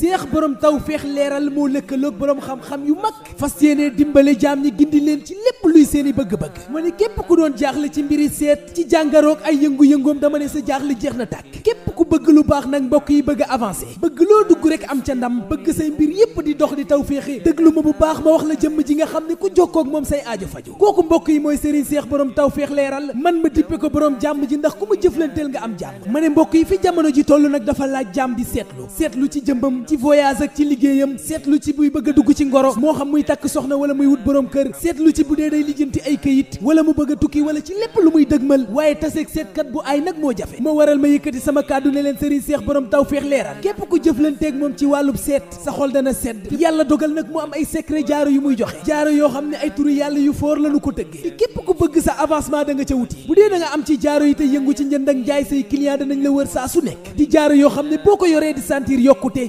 seex borom taw feex leeral moo lëkkaloog borom xam-xam yu mag fas yéene dimbale jaam ni gindi leen ci lépp luy seeni bëgg-bëgg ma ne képp ku doon jaaxle ci mbir yi seet ci jàngaroog ay yëngu-yëngoom dama ne sa jaaxle jeex na tàkk képp ku bëgg lu baax nag mbokk yi bëgg a bëgg loo dugg rek am ca ndam bëgg say mbir yépp di dox di taw féexe déglu ma bu baax ma wax la jëmm ji nga xam ne ku jokkoo moom say aajo faju kooku mbokk yi mooy Serigne Seex borom taw feex man ma dippe ko borom jàmm ji ndax ku ma jëflanteel nga am jàmm ma ne mbokk yi fi jamono ji toll nag dafa laaj jàmm di seetlu seetlu ci jëmbam ci voyage ak ci liggéeyam seetlu ci buy bëgg dugg ci ngoro moo xam muy takk soxna wala muy wut borom kër seetlu ci bu dee day lijjanti ay këyit wala mu bëgg tukki wala ci lépp lu muy dëgmal waaye taseeg seetkat bu ay nag moo jafe moo waral ma yëkkati sama kàddu ne leen sëriñ seex borom taw feex leeral képp ku jëflanteeg moom ci wàllub seet sa xol dana sedd yàlla dogal nag mu am ay secret jaaro yu muy joxe jaaro yoo xam ne ay turu yàlla yu foor lanu ko tëggee képp ku bëgg sa avancement da nga ca wuti bu am ci jaaro yi te yëngu ci njënd ak jaay say client danañ la wër saa su nekk di jaaro yoo xam ne boo ko yoree di sentir yokkute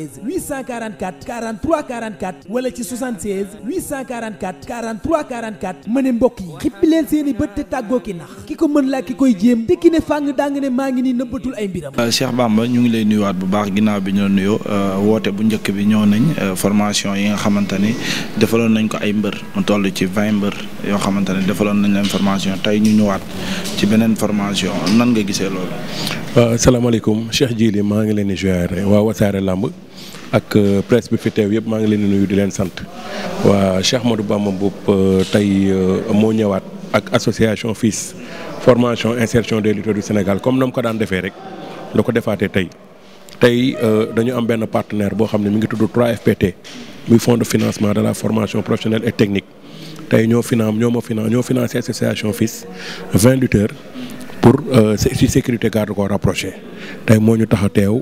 76 844 43 44 wala ci 76 844 43 44 ma ne mbokk yi xippi leen seen i bët te tàggoo ki nax ki ko mën laa ki koy jéem te ki ne fàng daa nga ne maa ngi nii nëbbatul ay mbiram. Cheikh Bamba ñu ngi lay nuyuwaat bu baax ginnaaw bi ñu la nuyoo woote bu njëkk bi ñëw nañ formation yi nga xamante ni defaloon nañ ko ay mbër mu toll ci 20 mbër yoo xamante ne defaloon nañ leen formation tey ñu ñëwaat ci beneen formation nan nga gisee loolu. waaw asalaamaaleykum Cheikh Djili maa ngi leen di ziare waa Wassare Lamb. ak euh, presse bi fi teew yëpp maa ngi leen di nuyu di leen sant waa du Ahmadou ma Mboup euh, tey euh, moo ñëwaat ak association FILS formation insertion des lutteurs du Sénégal comme na mu ko daan defee rek la ko defaatee tey tey dañu am benn partenaire boo xam ne mi ngi tudd 3FPT muy fonds de financement de la formation professionnelle et technique tey ñoo financé ñoo ma financé ñoo financé association FILS 20 lutteurs pour si sécurité garde corps rapproché tey moo ñu tax a teew.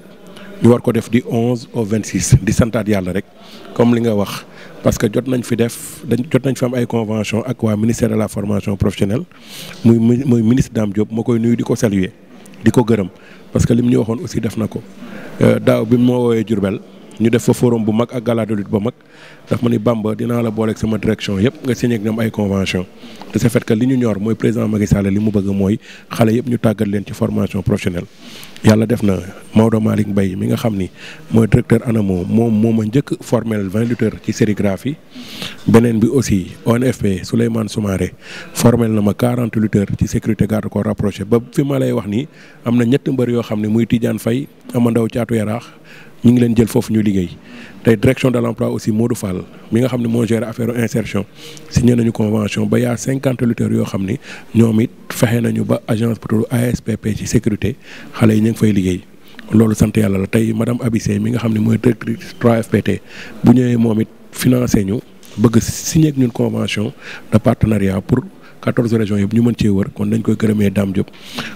ñu war ko def di onze au vingt six di santaat yàlla rek comme li nga wax parce que jot nañ fi def dañ jot nañ fi am ay convention ak waa ministère de la formation professionnelle muy muy ministre Dame Diop moo koy nuyu di ko saluer di ko gërëm parce que lim ñu waxoon aussi def na ko euh, daaw bi moo woowee Diourbel ñu def fa forum bu mag ak gala de ba mag daf ma ni Bamba dinaa la booleeg sama direction yëpp nga signé nam ay convention de ce fait li ñu ñor mooy président Macky li mu bëgg mooy xale yëpp ñu tàggat leen ci formation professionnelle. yàlla def na Maodo Malick Mbaye mi nga xam ni mooy directeur ANAMO moom moom ma njëkk formel vingt lutteurs ci sérigraphie beneen bi aussi ONFP Souleymane Soumaré formel na ma quarante lutteurs ci sécurité gard corps rapproché ba ma lay wax nii am na ñett mbër yoo xam ne muy Tidiane Faye Amandaw Caatu Yaraax ñu ngi leen jël foofu ñu liggéey tey direction de l' emploi aussi Modou Fall mi nga xam ne moo gère affaire insertion signé nañu convention ba yaa cinquante lutteurs yoo xam ni ñoom it fexe nañu ba agence pour ASPP ci sécurité xale yi ñu ngi fay liggéey. loolu sant yàlla la tey madame Abissé mi nga xam ne mooy directrice 3FPT bu ñëwee moom it financé ñu bëgg signé ak ñun convention de partenariat pour. quatorze régions yëpp ñu mën cee wër kon dañ koy gërëmee Dame Diop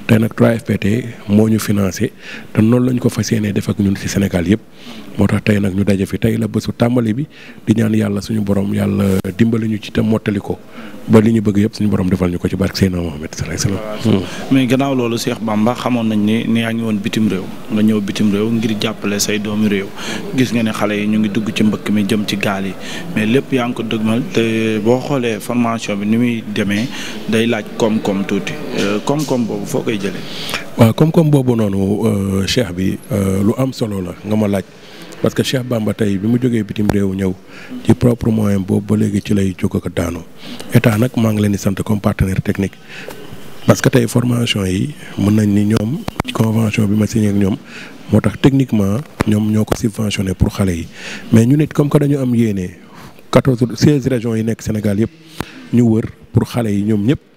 tey nag 3FPT moo ñu financer te noonu lañ ko fas yéenee def ak ñun ci Sénégal yëpp moo tax tey nag ñu daje fi tey la bésu tàmbali bi di ñaan yàlla suñu borom yàlla dimbali ñu ci te mottali ko ba li ñu bëgg yëpp suñu borom defal ñu ko ci barke Seydina Mohamed sallallahu alayhi wasallam mais gannaaw loolu Cheikh Bamba xamoon nañ ni ni yaa ngi woon bitim réew nga ñëw bitim réew ngir jàppale say doomi réew gis nga ne xale yi ñu ngi dugg ci mbëkk mi jëm ci gaal yi mais lépp yaa ngi ko dëgmal te boo xoolee formation bi ni muy demee day laaj koom-koom tuuti euh, koom-koom boobu foo koy jële waa koom-koom boobu noonu euh, Cheikh bi euh, lu am solo la nga ma laaj parce que Cheikh Bamba tey bi mu jógee bitim réew ñëw ci propre moyen boobu ba léegi ci lay jóg ak daanu état nag maa ngi leen di sant comme partenaire technique parce que tey formation yi mën nañ ni ñoom convention bi ma signé ñoom moo tax techniquement ñoom ñoo ko subventionné pour xale yi mais ñu nit comme que dañu am yéene quatorze seize régions yi nekk Sénégal yëpp ñu wër pour xale yi ñoom ñëpp.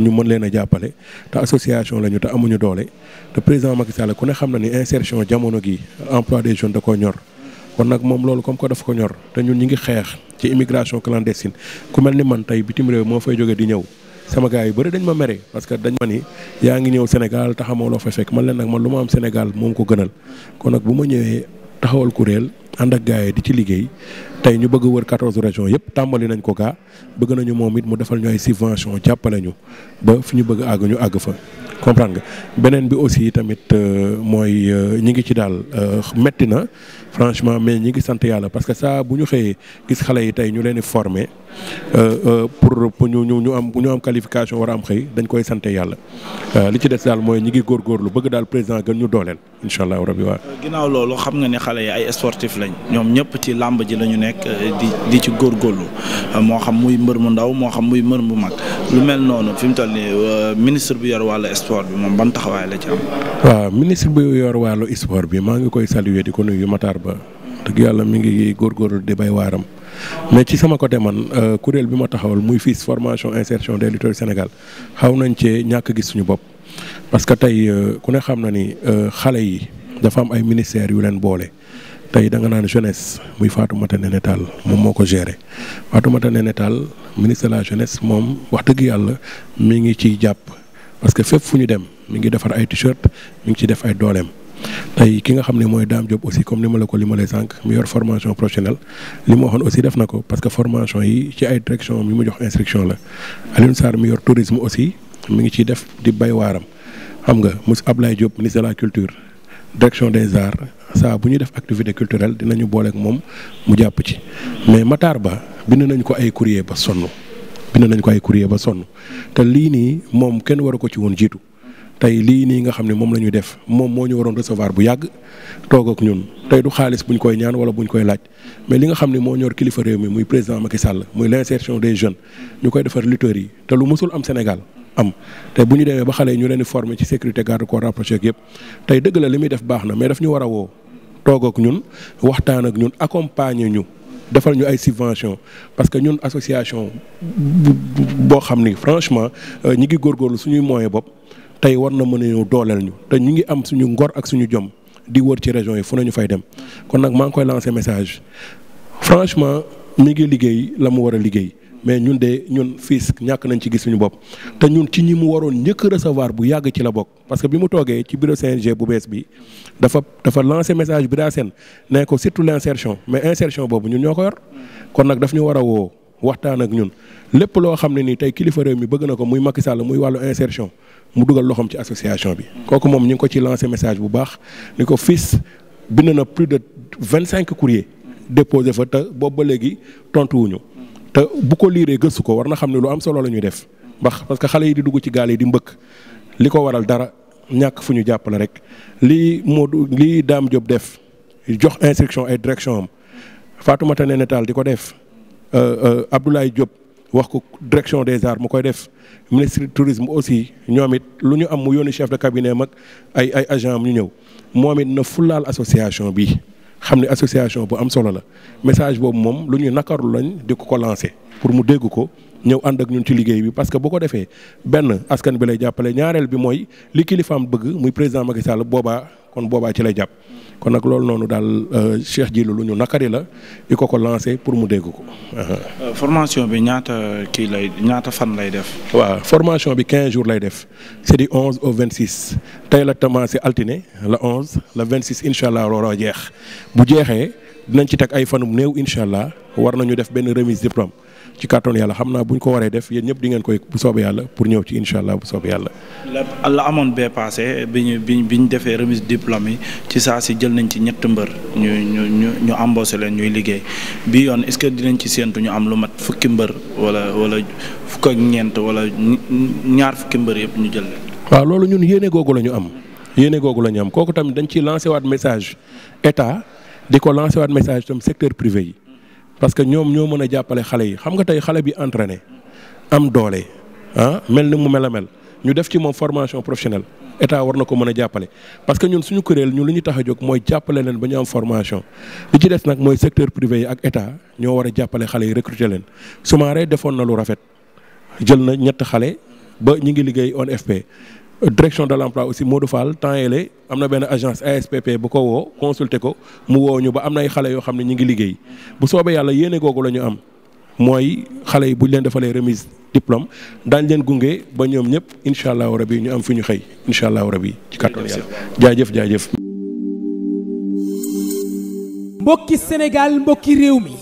ñu mën leen a jàppale te association lañu te amuñu doole te président Macky Sall ku ne xam na ni insertion jamono gi emploi des jeunes da ko ñor kon nag moom loolu comme que daf ko ñor te ñun ñu ngi xeex ci immigration clandestine ku mel ni man tey bitim réew moo fay jóge di ñëw sama gars yu bëri dañ ma mere parce que dañ ma ni yaa ngi ñëw Sénégal te loo fa fekk man leen nag man lu ma am Sénégal moom ko gënal kon nag bu ma ñëwee taxawal kuréel ànd ak gars yi di ci liggéey tey ñu bëgg a wër 14 régions yëpp tàmbali nañ ko gaa bëgg nañu moom it mu defal ñu ay subvention jàppale ñu ba fi ñu bëgg àgg ñu àgg fa comprendre nga beneen bi aussi tamit euh, mooy euh, ñi ngi ci daal euh, metti na franchement mais ñi ngi sant yàlla parce que saa bu ñu xëyee gis xale yi tey ñu leen di former pour pour ñu ñu am ñu am qualification war a am xëy dañ koy sant yàlla li ci des daal mooy ñi ngi góor góorgóorlu bëgg daal président gën ñu dooleel incha allah rabi waa. ginnaaw loolu xam nga ni xale yi ay sportif lañ ñoom ñëpp ci làmb ji la ñu nekk di di ci góorlu moo xam muy mbër mu ndaw moo xam muy mbër mu mag lu mel noonu fi mu toll nii euh, ministre bi yor wàllu sport bi moom ban taxawaay la ci am. waaw ministre bi yor wàllu sport bi maa ngi koy saluer di ko ma taar Ba. dëgg yàlla mi ngi góorgóorlu di bay waaram. mais ci sama côté man euh, kuréel bi ma taxawal muy FILS formation insertion des lutteurs Sénégal xaw nañ cee ñàkk gis suñu bopp. parce que tey euh, ku ne xam na ni xale yi dafa am ay ministères yu leen boole. tey da nga naan jeunesse muy Fatoumata Néné Tall moom moo ko géré Fatoumata Néné Tall ministre de la jeunesse moom wax dëgg yàlla mi ngi ciy jàpp parce que fépp fu ñu dem mi ngi defar ay t-shirt mi ngi ci def ay dooleem. tey ki nga xam ne mooy Dame Diop aussi comme ni ma la ko li ma lay sànq mu yor formation professionnelle li ma aussi def na ko parce que formation yi ci ay direction yi mu jox instruction la Alioune Sarr mi yor tourisme aussi mi ngi ciy def di bay waaram xam nga Moussa Ablaye Diop ministre de la culture. direction des arts saa bu ñuy def activité culturelle dinañu booleek moom mu jàpp ci mais Matar Ba bind nañ ko ay courrier ba sonn bind nañ ko ay courrier ba sonn te lii nii moom kenn waru ko ci woon jiitu tey lii nii nga xam ne moom la ñuy def moom moo ñu waroon recevoir bu yàgg toog ak ñun tey du xaalis buñ koy ñaan wala buñ koy laaj mais li nga xam ne moo ñor kilifa réew mi muy président Macky Sall muy l'insertion des jeunes ñu koy defar lutteurs yi te lu mosul am Sénégal am te bu ñu demee ba xale yi ñu leen di former ci sécurité garde corps rapproché ak yëpp tey dëgg la li muy def baax na mais daf ñu war a woo toog ak ñun waxtaan ak ñun accompagne ñu defal ñu ay subvention parce que ñun association boo xam ni franchement euh, ñi ngi góor góorgóorlu suñuy moyen bopp tey war na mën a ñëw dooleel ñu te ñu ngi am suñu ngor ak suñu jom di wër ci région yi fu nañu fay dem kon nag maa ngi koy lancer message franchement mi ngi liggéey la mu war a liggéey. mais ñun de ñun fils ñàkk nañ ci gis suñu bopp te ñun ci ñi mu waroon njëkk recevoir bu yàgg ci la bokk parce que bi mu toogee ci bureau CNG bu bees bi dafa dafa lancé message bi daa seen ne ko surtout l' insertion mais insertion boobu ñun ñoo ko yor kon nag daf ñu war woo waxtaan ak ñun lépp loo xam ne nii tey kilifa réew mi bëgg na ko muy Macky Sall muy wàllu insertion mu dugal loxoom ci association bi. kooku moom ñu ngi ko ci lancé message bu baax ni ko fils bind na plus de vingt cinq courrier déposé fa te boobu ba léegi tontu wuñu te bu ko liiree gëstu ko war na xam ne lu am solo la ñuy def ndax parce que xale yi di dugg ci gaal yi di mbëkk li ko waral dara ñàkk fu ñu jàppale rek lii Modou lii daam Diop def jox instruction ay direction am Fatoumata Néné Tall di ko def euh, euh, ay Diop wax ko direction des arts mu koy def ministre tourisme aussi ñoomit lu ñu am mu yónni chef de cabinet mag ay ay agent am ñu ñëw moomit it na fulaal association bi xam ne association bu am solo la message boobu moom lu ñuy nakaru lañ di ko ko lancé pour mu dégg ko ñëw ànd ak ñun ci liggéey bi parce que bu ko defee benn askan bi lay jàppale ñaareel bi mooy li kilifaam bëgg muy président Macky Sall boobaa kon boobaa ci lay jàpp kon nag loolu noonu daal euh, Cheikh Djilou lu ñu nakari la di ko ko pour mu dégg ko. Euh, formation bi ñaata kii lay ñaata fan lay def. waaw formation bi 15 jours lay def c'est du 11 au 26 tey la commencé altiné le 11 le 26 incha allah a jeex bu jeexee. dinañ ci teg ay fanum néew incha allah war ñu def benn remise diplôme ci kàttan yàlla xam naa buñ ñu ko waree def yéen ñëpp di ngeen koy bu soobee yàlla pour ñëw ci incha allah bu soobee yàlla. la la amoon bee passé bi ñu defee remise diplôme yi ci saa si jël nañ ci ñett mbër ñu ñu ñu ñu embauché leen ñuy liggéey bi yoon est-ce que dinañ ci séentu ñu am lu mat fukki mbër wala wala fukk ñeent wala ñaar fukki mbër yëpp ñu jël leen. waaw loolu ñun yéene googu la ñu am yéene googu la ñu am kooku tamit dañ ciy lancé waat message di ko waat message tam secteur privé yi parce que ñoom ñoo mën a jàppale xale yi xam nga tey xale bi entraîné am doole ah mel ni mu mel a mel ñu def ci moom formation professionnelle état war na ko mën a jàppale parce que ñun suñu kuréel ñu li ñu tax a jóg mooy jàppale leen ba ñu am formation li ci des nag mooy secteur privé yi ak état ñoo war a jàppale xale yi recruter leen Soumaré defoon na lu rafet jël na ñett xale ba ñu ngi liggéey fp direction de l' emploi aussi moo Fall temps yële am na benn agence ASPP bu ko woo consulter ko mu woo ñu ba am nay xale yoo xam ne ñu ngi liggéey bu soobee yàlla yéene googu la ñu am mooy xale yi buñ leen defalee remise diplôme daañ leen gunge ba ñoom ñëpp incha allahu rabi ñu am fi ñu xëy incha allahu rabi ci kàttan yàlla jaajëf jaajëf. mbokki Sénégal mbokki réew mi.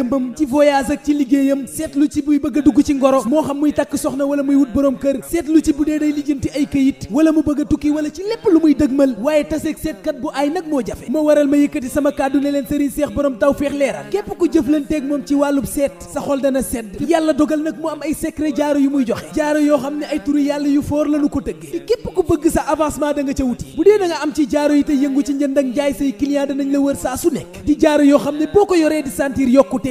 jëmbam ci voyage ak ci liggéeyam seetlu ci buy bëgg dugg ci ngoro moo xam muy takk soxna wala muy wut borom kër seetlu ci bu dee day lijjanti ay kayit wala mu bëgg a tukki wala ci lépp lu muy dëgmal waaye taseeg seetkat bu ay nag moo jafe moo waral ma yëkkati sama kàddu ne leen sëriñ seex borom taw feex leeral képp ku jëflanteeg moom ci wàllub seet sa xol dana sedd yàlla dogal nag mu am ay secret jaaro yu muy joxe jaaro yoo xam ne ay turu yàlla yu foor lanu ko tëggee képp ku bëgg sa avancement da nga wuti bu dee am ci jaaro yi te yëngu ci njënd ak jaay say client la wër saa su nekk di yoo xam ne boo ko yoree di sentir yokkute